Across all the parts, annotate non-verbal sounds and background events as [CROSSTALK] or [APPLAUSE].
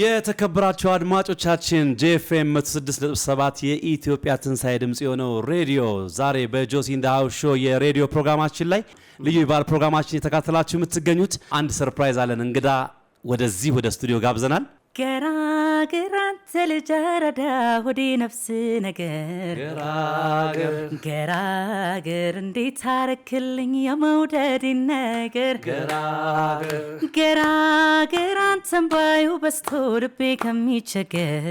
የተከበራቸው አድማጮቻችን ጄኤፍኤም 106.7 የኢትዮጵያ ትንሣኤ ድምፅ የሆነው ሬዲዮ ዛሬ በጆሲ ኢን ዘ ሃውስ ሾው የሬዲዮ ፕሮግራማችን ላይ ልዩ ባል ፕሮግራማችን የተካተላችሁ የምትገኙት አንድ ሰርፕራይዝ አለን። እንግዳ ወደዚህ ወደ ስቱዲዮ ጋብዘናል። ገራ ገራን ሆዴ ነፍስ ነገር ገራገር እንዴት ታረክልኝ የመውደድ ነገር ገራገር አንተን ባዩ በስቶ ልቤ ከሚቸገር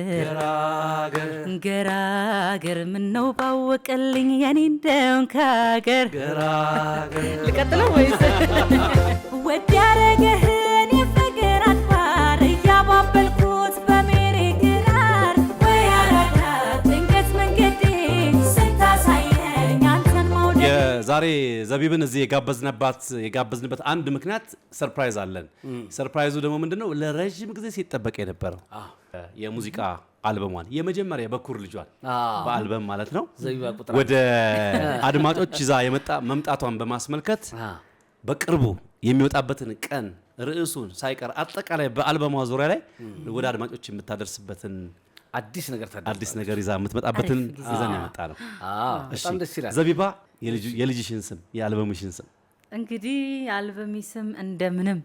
ገራገር ምነው ባወቀልኝ የኔ እንደውን ከሀገር ልቀጥለው ወይስ ወዳረገህ ዛሬ ዘቢብን እዚህ የጋበዝነባት የጋበዝንበት አንድ ምክንያት ሰርፕራይዝ አለን። ሰርፕራይዙ ደግሞ ምንድነው? ለረዥም ጊዜ ሲጠበቅ የነበረው የሙዚቃ አልበሟን የመጀመሪያ በኩር ልጇን በአልበም ማለት ነው ወደ አድማጮች ይዛ መምጣቷን በማስመልከት በቅርቡ የሚወጣበትን ቀን ርዕሱን ሳይቀር አጠቃላይ በአልበሟ ዙሪያ ላይ ወደ አድማጮች የምታደርስበትን አዲስ ነገር አዲስ ነገር ይዛ የምትመጣበትን ይዘን ያመጣ ነው። በጣም ደስ ይላል። ዘቢባ የልጅሽን ስም የአልበምሽን ስም እንግዲህ የአልበሚ ስም እንደምንም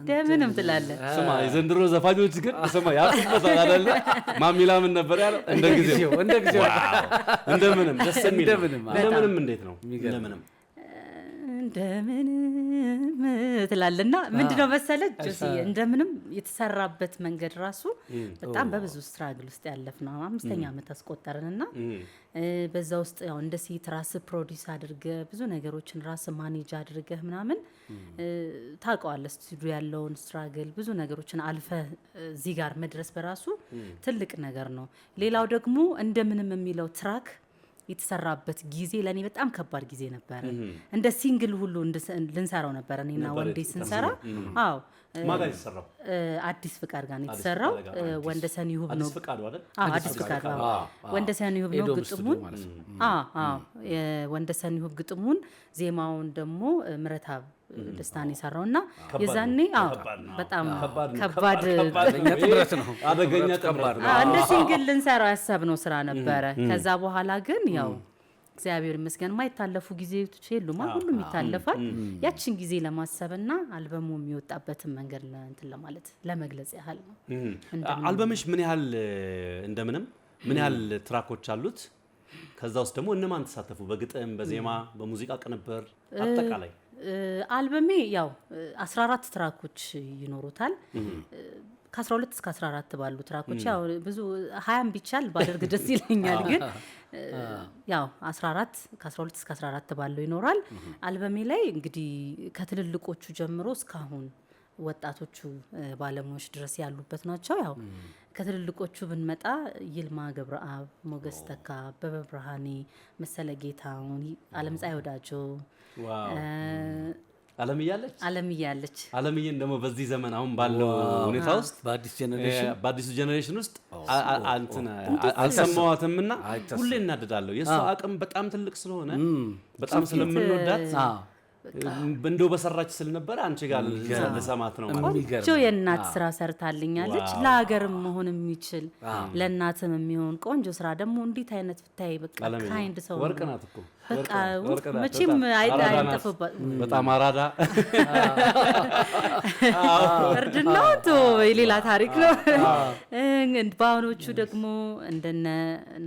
እንደምንም ትላለህ። ስማ የዘንድሮ ዘፋኞች ግን ስማ ያጡበታል አይደለ? ማሚላ ምን ነበር ያለው? እንደ ጊዜው እንደ ጊዜው እንደምንም ደስ የሚል እንደምንም እንዴት ነው እንደምንም እንደምንም ትላለና ምንድነው መሰለህ እንደምንም የተሰራበት መንገድ ራሱ በጣም በብዙ ስትራግል ውስጥ ያለፍ ነው። አምስተኛ ዓመት አስቆጠርንና በዛ ውስጥ ያው እንደ ሴት ራስ ፕሮዲስ አድርገ ብዙ ነገሮችን ራስ ማኔጅ አድርገ ምናምን ታውቀዋለህ። ስቱዲዮ ያለውን ስትራግል ብዙ ነገሮችን አልፈ እዚህ ጋር መድረስ በራሱ ትልቅ ነገር ነው። ሌላው ደግሞ እንደምንም የሚለው ትራክ የተሰራበት ጊዜ ለእኔ በጣም ከባድ ጊዜ ነበረ። እንደ ሲንግል ሁሉ ልንሰራው ነበረ እኔና ወንዴ ስንሰራ። አዎ አዲስ ፍቃድ ጋር ነው የተሰራው። ወንደሰን ይሁብ ነው አዲስ ፍቃድ ወንደሰን ይሁብ ነው ግጥሙን። ወንደሰን ይሁብ ግጥሙን፣ ዜማውን ደግሞ ምረታብ ደስታን የሰራው እና የዛኔ በጣም ከባድ አደገኛ ጥምረት ነው። እንደ ሲንግል ልንሰራው ያሰብነው ስራ ነበረ። ከዛ በኋላ ግን ያው እግዚአብሔር ይመስገን ማይታለፉ ጊዜዎች የሉማ፣ ሁሉም ይታለፋል። ያችን ጊዜ ለማሰብና አልበሙ የሚወጣበትን መንገድ እንትን ለማለት ለመግለጽ ያህል ነው። አልበምሽ ምን ያህል እንደምንም ምን ያህል ትራኮች አሉት? ከዛ ውስጥ ደግሞ እነማን ተሳተፉ? በግጥም በዜማ በሙዚቃ ቅንብር አጠቃላይ አልበሜ ያው 14 ትራኮች ይኖሩታል። ከ12 እስከ 14 ባሉ ትራኮች ያው ብዙ ሀያም ቢቻል ባደርግ ደስ ይለኛል፣ ግን ያው 14 ከ12 እስከ 14 ባለው ይኖራል። አልበሜ ላይ እንግዲህ ከትልልቆቹ ጀምሮ እስካሁን ወጣቶቹ ባለሙያዎች ድረስ ያሉበት ናቸው። ያው ከትልልቆቹ ብንመጣ ይልማ ገብረአብ፣ ሞገስ ተካ፣ አበበ ብርሃኔ፣ መሰለ ጌታሁን፣ አለም ወዳጆ አለምያለች እያለች አለምዬን ደግሞ በዚህ ዘመን አሁን ባለው ሁኔታ ውስጥ በአዲሱ ጀኔሬሽን ውስጥ አልሰማዋትም እና ሁሌ እናድዳለሁ። የእሷ አቅም በጣም ትልቅ ስለሆነ በጣም ስለምንወዳት እንደው በሰራች ስለነበረ አንቺ ጋር ልሰማት ነው። ቆንጆ የእናት ስራ ሰርታልኛለች። ለሀገርም መሆን የሚችል ለእናትም የሚሆን ቆንጆ ስራ ደግሞ እንዴት አይነት ብታይ በቃ ካይንድ ሰው ወርቅ ናት እኮ መቼም አይጠፉበት። በጣም አራዳ እርድናው ቶ የሌላ ታሪክ ነው። በአሁኖቹ ደግሞ እንደነ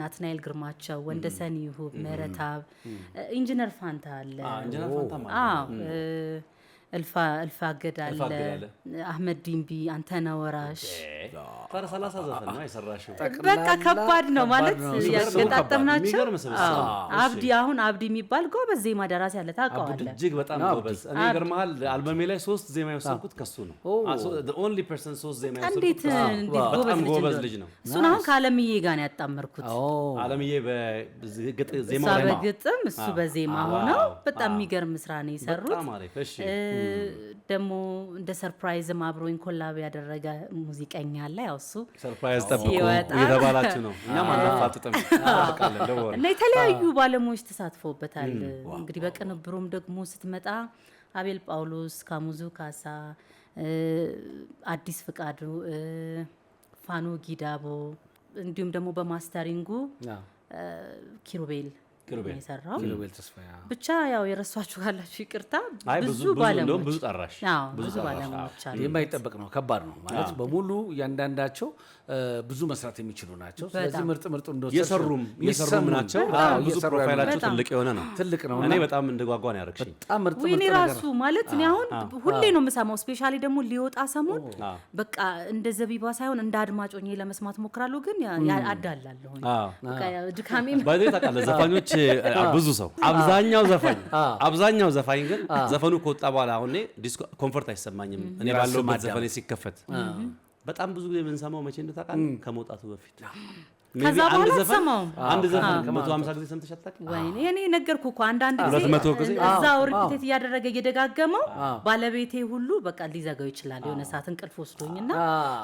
ናትናኤል ግርማቸው፣ ወንደሰን ይሁብ፣ ምህረታብ፣ ኢንጂነር ፋንታ አለ። እልፍ አገዳ አለ፣ አህመድ ዲምቢ፣ አንተነህ ወራሽ ሰላሳ ዘፈን ነው የሰራሽው። በቃ ከባድ ነው ማለት ያገጣጠምናቸው። አብዲ አሁን አብዲ የሚባል ጎበዝ ዜማ ደራሲ አለ፣ ታውቀዋለህ? እጅግ በጣም ጎበዝ። እኔ ይገርምሃል፣ አልበሜ ላይ ሶስት ዜማ የወሰንኩት ከሱ ነው። ኦንሊ ፐርሰን ጎበዝ ልጅ ነው። እሱን አሁን ከአለምዬ ጋር ነው ያጣመርኩት። አለምዬ በግጥም እሱ በዜማ ሆነው በጣም የሚገርም ስራ ነው የሰሩት። ደግሞ እንደ ሰርፕራይዝም አብሮኝ ኮላብ ያደረገ ሙዚቀኛ አለ። ያው እሱ ሰርፕራይዝ ነው። [LAUGHS] እኛም አናፋጥጥም እና የተለያዩ ባለሙያዎች ተሳትፎበታል። እንግዲህ በቅንብሩም ደግሞ ስትመጣ አቤል ጳውሎስ፣ ካሙዙ ካሳ፣ አዲስ ፍቃዱ፣ ፋኖ ጊዳቦ እንዲሁም ደግሞ በማስተሪንጉ ኪሩቤል የሰራው ብቻ ያው የረሷችሁ ካላችሁ ይቅርታ። ብዙ ባለሙያዎች ብዙ ጠራሽ ብዙ ባለሙያዎች የማይጠበቅ ነው፣ ከባድ ነው ማለት በሙሉ እያንዳንዳቸው ብዙ መስራት የሚችሉ ናቸው። ስለዚህ ምርጥ ምርጡ የሰሩም የሰሩም ናቸው። ብዙ ፕሮፋይላቸው ትልቅ የሆነ ነው፣ ትልቅ ነው። እኔ በጣም እንደጓጓ ነው ያደረግሽኝ። በጣም ምርጥ ምርጥ ራሱ ማለት እኔ አሁን ሁሌ ነው የምሰማው። ስፔሻሊ ደግሞ ሊወጣ ሰሞን በቃ እንደ ዘቢባ ሳይሆን እንደ አድማጮኝ ለመስማት ሞክራለሁ፣ ግን አዳላለሁ ድካሜ ታውቃለህ ዘፋኞች ብዙ ሰው አብዛኛው ዘፋኝ አብዛኛው ዘፋኝ ግን ዘፈኑ ከወጣ በኋላ አሁን ዲስኮ ኮንፈርት አይሰማኝም። እኔ ባለው ዘፈኔ ሲከፈት በጣም ብዙ ጊዜ የምንሰማው መቼ እንደታውቃለህ ከመውጣቱ በፊት ከዛ በኋላ አትሰማውም። አንድ ዘፈን ከመቶ ሀምሳ ጊዜ ሰምተሽ አታውቂም? ወይኔ እኔ ነገርኩ እኮ አንዳንድ ጊዜ እዛው ሪፒቴት እያደረገ እየደጋገመው ባለቤቴ ሁሉ በቃ ሊዘጋው ይችላል። የሆነ ሰዓት እንቅልፍ ወስዶኝና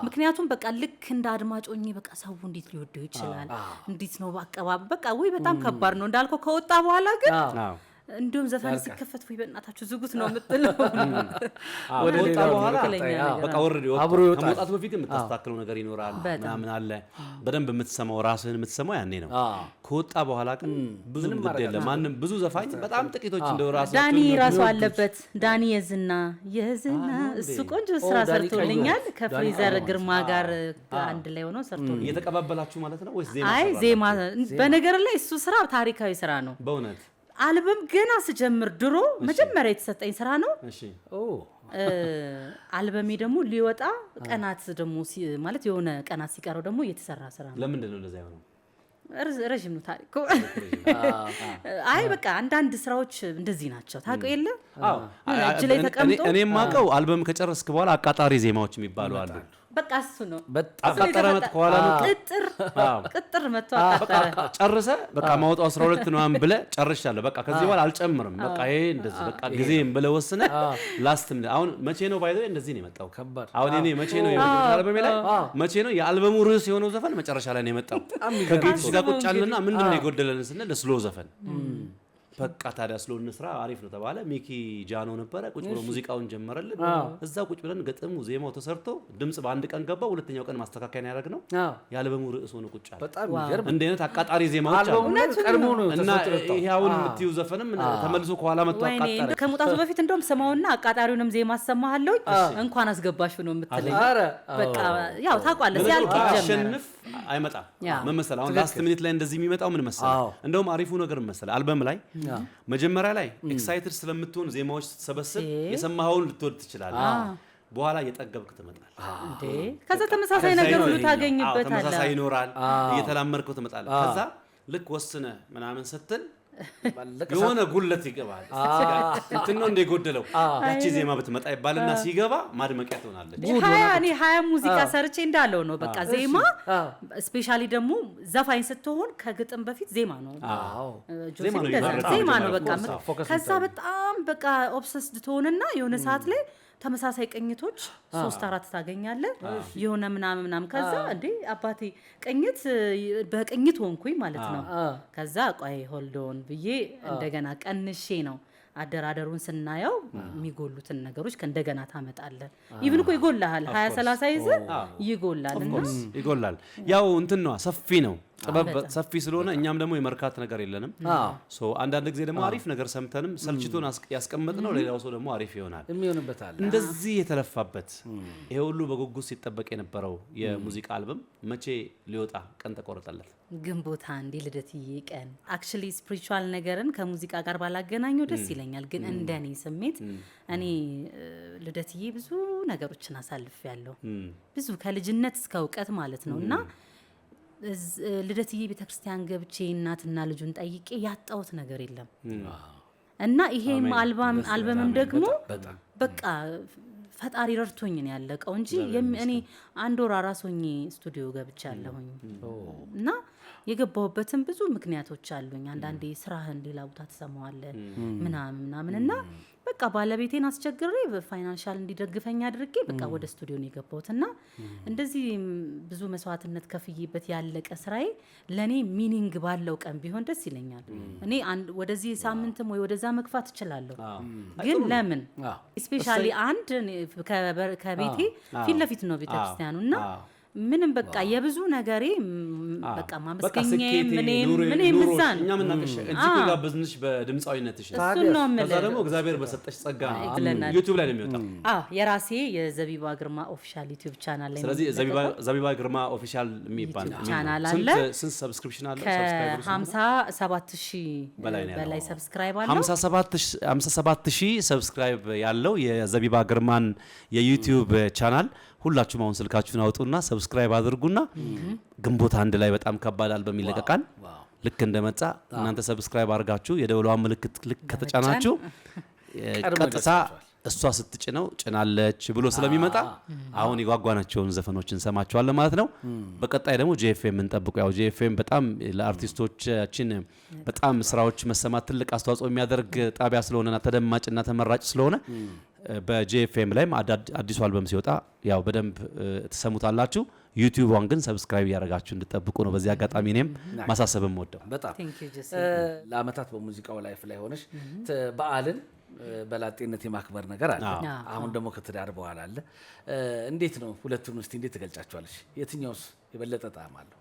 ምክንያቱም በቃ ልክ እንደ አድማጮኝ በቃ ሰው እንዴት ሊወደው ይችላል? እንዴት ነው በአቀባበ በቃ ወይ በጣም ከባድ ነው እንዳልከው ከወጣ በኋላ ግን እንዲሁም ዘፈን ሲከፈት ወይ በእናታችሁ ዝጉት ነው የምትለው። [LAUGHS] ወጣ በኋላ በቃ ከመውጣቱ በፊት የምታስተካክለው ነገር ይኖራል ምናምን አለ። በደንብ የምትሰማው ራስህን የምትሰማው ያኔ ነው። ከወጣ በኋላ ግን ብዙ ግድ የለም ማንም ብዙ ዘፋኝ በጣም ጥቂቶች እንደው ራሱ ዳኒ ራሱ አለበት። ዳኒ የዝና የዝና እሱ ቆንጆ ስራ ሰርቶልኛል። ከፍሪዘር ግርማ ጋር አንድ ላይ ሆኖ ሰርቶ እየተቀባበላችሁ ማለት ነው ወይስ ዜማ? አይ ዜማ በነገር ላይ እሱ ስራ ታሪካዊ ስራ ነው በእውነት አልበም ገና ስጀምር ድሮ መጀመሪያ የተሰጠኝ ስራ ነው። አልበሜ ደግሞ ሊወጣ ቀናት ደግሞ ማለት የሆነ ቀናት ሲቀረው ደግሞ የተሰራ ስራ ነው። ለምንድን ነው እንደዛ የሆነው? ረዥም ነው ታሪኩ። [LAUGHS] አይ በቃ አንዳንድ ስራዎች እንደዚህ ናቸው። ታውቀው የለ እጅ ላይ ተቀምጦ እኔ የማውቀው አልበም ከጨረስክ በኋላ አቃጣሪ ዜማዎች የሚባሉ አሉ በቃ እሱ ነው። በጣም አቃጠረ መት ከኋላ ነው ቅጥር ቅጥር መጥቶ አቃጠረ። ጨርሰ በቃ ማውጣው 12 ነው ብለ ጨርሻለሁ። በቃ ከዚህ በኋላ አልጨምርም። በቃ ይሄ እንደዚህ በቃ ጊዜም ብለ ወስነ ላስትም አሁን መቼ ነው ባይዘ እንደዚህ ነው የመጣው። አሁን እኔ መቼ ነው የመጀመሪያ ላይ መቼ ነው የአልበሙ ርዕስ የሆነው ዘፈን መጨረሻ ላይ ነው የመጣው። ከጌትሽ ጋር ቁጭ አለና ምንድነው የጎደለን ስንል ስሎ ዘፈን በቃ ታዲያ ስለሆነ ስራ አሪፍ ነው ተባለ። ሚኪ ጃኖ ነበረ ቁጭ ብሎ ሙዚቃውን ጀመረልን። እዛ ቁጭ ብለን ገጥሙ ዜማው ተሰርቶ ድምጽ በአንድ ቀን ገባ። ሁለተኛው ቀን ማስተካከያ ያደረግ ነው የአልበሙ ርዕስ ሆነ ቁጭ አለ። በጣም ይገርም። እንዲህ አይነት አቃጣሪ ዜማዎች አሉ እና ይሄ አሁን የምትዩ ዘፈንም ተመልሶ ከኋላ መጥቶ አቃጣሪ ከመውጣቱ በፊት እንደውም ስማውና አቃጣሪውንም ዜማ አሰማሃለሁ እንኳን አስገባሽ ነው የምትለኝ። በቃ ያው ታውቋለህ ሲያልቅ አሸንፍ አይመጣም መመሰል አሁን ላስት ሚኒት ላይ እንደዚህ የሚመጣው ምን መሰለህ፣ እንደውም አሪፉ ነገር መሰለህ አልበም ላይ መጀመሪያ ላይ ኤክሳይትድ ስለምትሆን ዜማዎች ስትሰበስብ የሰማኸውን ልትወድ ትችላለህ። በኋላ እየጠገብክ ትመጣል። ከዛ ተመሳሳይ ነገር ሁሉ ታገኝበታለህ። ተመሳሳይ ይኖራል። እየተላመድከው ትመጣለ። ከዛ ልክ ወስነ ምናምን ስትል የሆነ ጉለት ይገባል። እንትን ነው እንደ የጎደለው ያቺ ዜማ ብትመጣ ይባልና ሲገባ ማድመቂያ ትሆናለች። ሀያ ሙዚቃ ሰርቼ እንዳለው ነው በቃ ዜማ ስፔሻሊ ደግሞ ዘፋኝ ስትሆን ከግጥም በፊት ዜማ ነው ዜማ ነው በቃ ከዛ በጣም በቃ ኦብሰስድ ትሆንና የሆነ ሰዓት ላይ ተመሳሳይ ቅኝቶች ሶስት አራት ታገኛለህ። የሆነ ምናምን ምናምን ከዛ እንዴ አባቴ ቅኝት በቅኝት ሆንኩኝ ማለት ነው። ከዛ ቆይ ሆልዶን ብዬ እንደገና ቀንሼ ነው አደራደሩን ስናየው የሚጎሉትን ነገሮች እንደገና ታመጣለን ኢቭን እኮ ይጎላል፣ ሀያ ሰላሳ ይዘህ ይጎላል። ያው እንትን ነዋ ሰፊ ነው ጥበብ ሰፊ ስለሆነ እኛም ደግሞ የመርካት ነገር የለንም። አንዳንድ ጊዜ ደግሞ አሪፍ ነገር ሰምተንም ሰልችቶን ያስቀመጥ ነው ሌላው ሰው ደግሞ አሪፍ ይሆናል የሚሆንበታል። እንደዚህ የተለፋበት ይሄ ሁሉ በጉጉት ሲጠበቅ የነበረው የሙዚቃ አልበም መቼ ሊወጣ ቀን ተቆረጠለት? ግንቦት አንድ ልደትዬ ቀን። አክቹሊ ስፕሪቹዋል ነገርን ከሙዚቃ ጋር ባላገናኘው ደስ ይለኛል፣ ግን እንደኔ ስሜት እኔ ልደትዬ ብዙ ነገሮችን አሳልፍ ያለው ብዙ ከልጅነት እስከ እውቀት ማለት ነው እና ልደትዬ ቤተክርስቲያን ገብቼ እናትና ልጁን ጠይቄ ያጣሁት ነገር የለም እና ይሄም አልበምም ደግሞ በቃ ፈጣሪ ረድቶኝ ነው ያለቀው እንጂ እኔ አንድ ወር አራስ ሆኜ ስቱዲዮ ገብቻለሁኝ እና የገባሁበትም ብዙ ምክንያቶች አሉኝ። አንዳንዴ ስራህን ሌላ ቦታ ትሰማዋለህ ምናምን ምናምን እና በቃ ባለቤቴን አስቸግሬ ፋይናንሻል እንዲደግፈኝ አድርጌ በቃ ወደ ስቱዲዮ ነው የገባሁት እና እንደዚህ ብዙ መስዋዕትነት ከፍዬበት ያለቀ ስራዬ ለእኔ ሚኒንግ ባለው ቀን ቢሆን ደስ ይለኛል። እኔ ወደዚህ ሳምንትም ወይ ወደዛ መግፋት እችላለሁ፣ ግን ለምን ስፔሻሊ አንድ ከቤቴ ፊት ለፊት ነው ቤተክርስቲያኑ እና ምንም በቃ የብዙ ነገሬ በቃ ማመስገኛ ምንም እዛ ነው። እኛ በድምፃዊነትሽ እሱን ደግሞ እግዚአብሔር በሰጠሽ ጸጋ ዩቱብ ላይ ነው የሚወጣ የራሴ የዘቢባ ግርማ ኦፊሻል ዩቱብ ቻናል ላይ። ስለዚህ ዘቢባ ግርማ ኦፊሻል የሚባል ቻናል አለ። ስንት ሰብስክሪፕሽን አለ? ከሀምሳ ሰባት ሺህ በላይ ሰብስክራይብ አለው። ሀምሳ ሰባት ሺህ ሰብስክራይብ ያለው የዘቢባ ግርማን የዩቱብ ቻናል ሁላችሁም አሁን ስልካችሁን አውጡና ሰብስክራይብ አድርጉና ግንቦት አንድ ላይ በጣም ከባዳል አልበም ልክ እንደመጣ እናንተ ሰብስክራይብ አድርጋችሁ የደወሏን ምልክት ልክ ከተጫናችሁ [LAUGHS] ቀጥታ እሷ ስትጭነው ጭናለች ብሎ ስለሚመጣ አሁን የጓጓናቸውን ዘፈኖች እንሰማቸዋለን ማለት ነው። በቀጣይ ደግሞ ጄኤፍኤም እንጠብቁ። ያው ጄኤፍኤም በጣም ለአርቲስቶቻችን በጣም ስራዎች መሰማት ትልቅ አስተዋጽኦ የሚያደርግ ጣቢያ ስለሆነና ተደማጭና ተመራጭ ስለሆነ በጄኤፍኤም ላይም አዲሱ አልበም ሲወጣ ያው በደንብ ትሰሙታላችሁ። ዩቲዩቧን ግን ሰብስክራይብ እያደረጋችሁ እንድጠብቁ ነው። በዚህ አጋጣሚ እኔም ማሳሰብም ወደው በጣም ለአመታት በሙዚቃው ላይፍ ላይ ሆነች በዓልን በላጤነት የማክበር ነገር አለ። አሁን ደግሞ ከትዳር በኋላ አለ። እንዴት ነው ሁለቱን ውስጥ እንዴት ትገልጫቸዋለች? የትኛውስ የበለጠ ጣዕም አለው?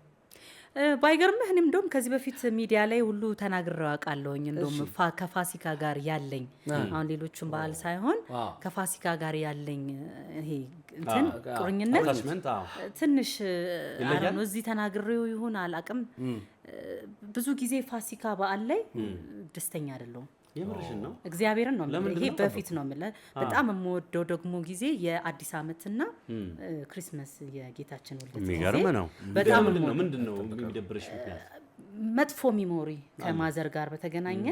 ባይገርምህ እኔም እንደውም ከዚህ በፊት ሚዲያ ላይ ሁሉ ተናግሬው አውቃለሁኝ። እንደውም ከፋሲካ ጋር ያለኝ አሁን ሌሎቹን በዓል ሳይሆን ከፋሲካ ጋር ያለኝ ይሄ እንትን ቁርኝነት ትንሽ አሁን እዚህ ተናግሬው ይሁን አላውቅም። ብዙ ጊዜ ፋሲካ በዓል ላይ ደስተኛ አይደለሁም። የምርሽን ነው? እግዚአብሔርን ነው የምልህ። ይሄ በፊት ነው የምልህ። በጣም የምወደው ደግሞ ጊዜ የአዲስ ዓመትና ክሪስመስ የጌታችን ውልደት የሚገርም ነው። በጣም ምንድን ነው የሚደብርሽ ምክንያት? መጥፎ ሚሞሪ ከማዘር ጋር በተገናኘ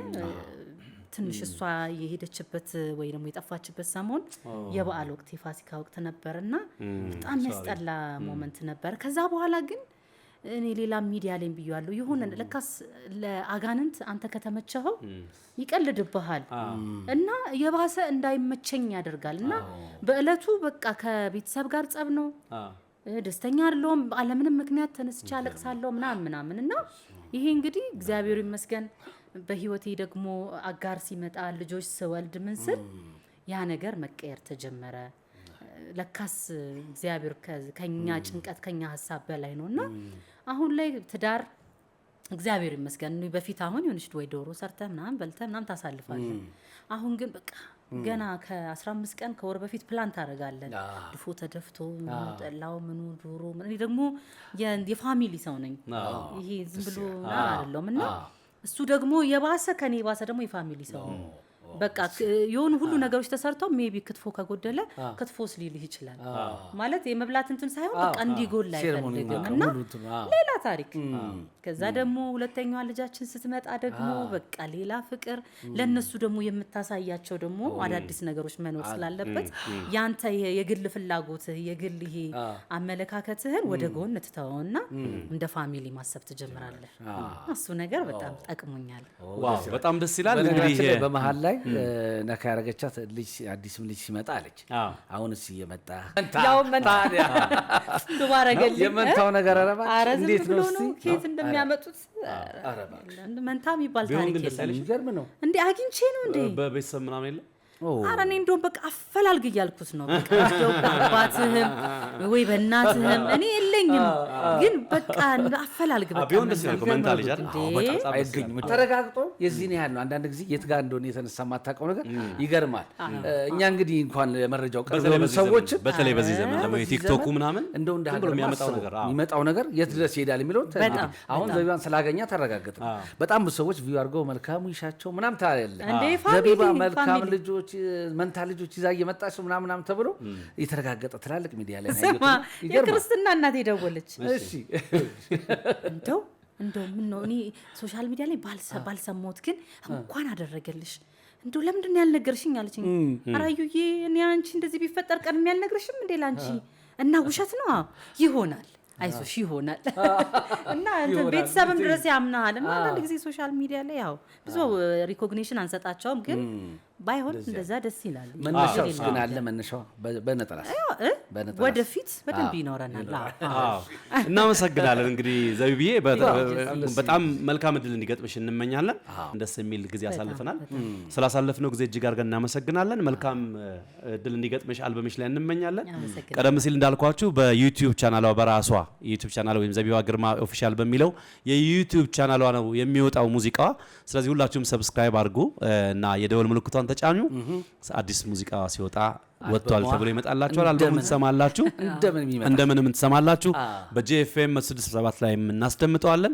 ትንሽ እሷ የሄደችበት ወይ ደግሞ የጠፋችበት ሰሞን የበዓል ወቅት የፋሲካ ወቅት ነበር እና በጣም ያስጠላ ሞመንት ነበር። ከዛ በኋላ ግን እኔ ሌላ ሚዲያ ላይ ብያለሁ። ይሁን ለካስ ለአጋንንት አንተ ከተመቸኸው ይቀልድብሃል እና የባሰ እንዳይመቸኝ ያደርጋል። እና በእለቱ በቃ ከቤተሰብ ጋር ጸብ ነው፣ ደስተኛ አይደለሁም። አለምንም ምክንያት ተነስቼ አለቅሳለሁ ምናምን ምናምን እና ይሄ እንግዲህ እግዚአብሔር ይመስገን በህይወቴ ደግሞ አጋር ሲመጣ ልጆች ስወልድ ምን ስል ያ ነገር መቀየር ተጀመረ። ለካስ እግዚአብሔር ከኛ ጭንቀት ከኛ ሀሳብ በላይ ነው እና አሁን ላይ ትዳር እግዚአብሔር ይመስገን በፊት አሁን የሆነች ወይ ዶሮ ሰርተ ምናምን በልተ ምናምን ታሳልፋለን። አሁን ግን በቃ ገና ከ15 ቀን ከወር በፊት ፕላን ታደርጋለን። ድፎ ተደፍቶ ጠላው ምኑ ዶሮ እኔ ደግሞ የፋሚሊ ሰው ነኝ። ይሄ ዝም ብሎ አይደለም እና እሱ ደግሞ የባሰ ከኔ የባሰ ደግሞ የፋሚሊ ሰው ነው በቃ የሆኑ ሁሉ ነገሮች ተሰርተው ሜቢ ክትፎ ከጎደለ ክትፎስ ሊልህ ይችላል። ማለት የመብላት እንትን ሳይሆን በቃ እንዲጎል አይፈልግም ሌላ ታሪክ። ከዛ ደግሞ ሁለተኛዋ ልጃችን ስትመጣ ደግሞ በቃ ሌላ ፍቅር፣ ለእነሱ ደግሞ የምታሳያቸው ደግሞ አዳዲስ ነገሮች መኖር ስላለበት ያንተ የግል ፍላጎትህ የግል ይሄ አመለካከትህን ወደ ጎን ትተወውና እንደ ፋሚሊ ማሰብ ትጀምራለህ። እሱ ነገር በጣም ጠቅሞኛል። በጣም ደስ ይላል። እንግዲህ በመሀል ላይ ነካ ያደረገቻት ልጅ አዲስም ልጅ ሲመጣ አለች። አሁን እስ እየመጣ [LAUGHS] ነገር ረባ እንዴት ነው ኬት እንደሚያመጡት መንታ የሚባል ታሪክ ነው። እንዴ! አግኝቼ ነው እንደ በቤተሰብ ምናምን የለም ኧረ እኔ እንደውም በቃ አፈላልግ እያልኩት ነው። በአባትህም ወይ በእናትህም እኔ የለኝም፣ ግን በቃ አፈላልግ ተረጋግጦ የዚህን ያህል ነው። አንዳንድ ጊዜ የት ጋር እንደሆነ የተነሳ የማታውቀው ነገር ይገርማል። እኛ እንግዲህ እንኳን መረጃው ቅርብ ሰዎች፣ በተለይ በዚህ ዘመን ደግሞ የቲክቶኩ ምናምን እንደው እንደ ሀገር የሚመጣው ነገር የት ድረስ ይሄዳል የሚለው አሁን ዘቢባን ስላገኛ ተረጋግጥ። በጣም ብዙ ሰዎች ቪው አድርገው መልካሙ ይሻቸው ምናምን ታያለህ። ዘቢባ መልካም ልጆች ልጆች መንታ ልጆች ይዛ እየመጣች ምናምናም ተብሎ የተረጋገጠ ትላልቅ ሚዲያ ላይ የክርስትና እናት ደወለች። እንደው እንደው ነው እኔ ሶሻል ሚዲያ ላይ ባልሰማሁት ግን እንኳን አደረገልሽ እንደው ለምንድን ነው ያልነገርሽኝ? አለች። አራዩዬ እኔ አንቺ እንደዚህ ቢፈጠር ቀድሜ ያልነግርሽም እንዴ ለአንቺ እና ውሸት ነው ይሆናል አይዞሽ ይሆናል እና [LAUGHS] ቤተሰብም ድረስ ያምናሃል። እና አንዳንድ ጊዜ ሶሻል ሚዲያ ላይ ያው ብዙ ሪኮግኒሽን አንሰጣቸውም ግን ባይሆን እንደዛ ደስ ይላል። መነሻው ግን አለ መነሻው በነጠላ ወደፊት በደንብ ይኖረናል። እናመሰግናለን። እንግዲህ ዘቢብዬ በጣም መልካም እድል እንዲገጥምሽ እንመኛለን። ደስ የሚል ጊዜ አሳልፈናል። ስላሳለፍነው ጊዜ እጅግ አድርገን እናመሰግናለን። መልካም እድል እንዲገጥምሽ አልበምሽ ላይ እንመኛለን። ቀደም ሲል እንዳልኳችሁ በዩቲዩብ ቻናሏ በራሷ ዩቲዩብ ቻናል ወይም ዘቢባ ግርማ ኦፊሻል በሚለው የዩቲዩብ ቻናሏ ነው የሚወጣው ሙዚቃዋ። ስለዚህ ሁላችሁም ሰብስክራይብ አድርጉ እና የደወል ምልክቷን ምናምን ተጫኙ። አዲስ ሙዚቃ ሲወጣ ወጥቷል ተብሎ ይመጣላችኋል። አልበሙ ትሰማላችሁ፣ እንደምንም ትሰማላችሁ። በጂኤፍኤም 67 ላይ እናስደምጠዋለን።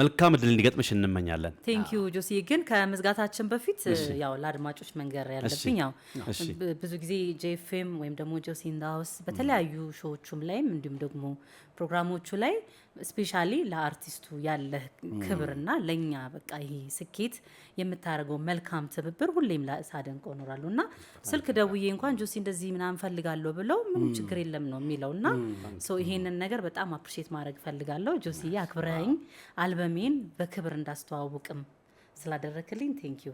መልካም እድል እንዲገጥምሽ እንመኛለን። ቴንኪዩ ጆሲ። ግን ከምዝጋታችን በፊት ያው ለአድማጮች መንገር ያለብኝ ያው ብዙ ጊዜ ጄፍም ወይም ደግሞ ጆሲ ኢን በተለያዩ ሾዎቹም ላይም እንዲሁም ደግሞ ፕሮግራሞቹ ላይ ስፔሻሊ ለአርቲስቱ ያለ ክብርና ለእኛ በቃ ይሄ ስኬት የምታደርገው መልካም ትብብር ሁሌም ሳደንቅ እኖራለሁ እና ስልክ ደውዬ እንኳን ጆሲ እንደዚህ ምናምን ፈልጋለሁ ብለው ምንም ችግር የለም ነው የሚለው እና ይሄንን ነገር በጣም አፕሪሼት ማድረግ ፈልጋለሁ ጆሲዬ አክብረ ስለረዳኝ አልበሜን በክብር እንዳስተዋውቅም ስላደረክልኝ ቴንኪዩ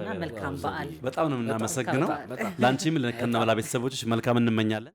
እና መልካም በዓል። በጣም ነው የምናመሰግነው። ለአንቺም ለከነመላ ቤተሰቦች መልካም እንመኛለን።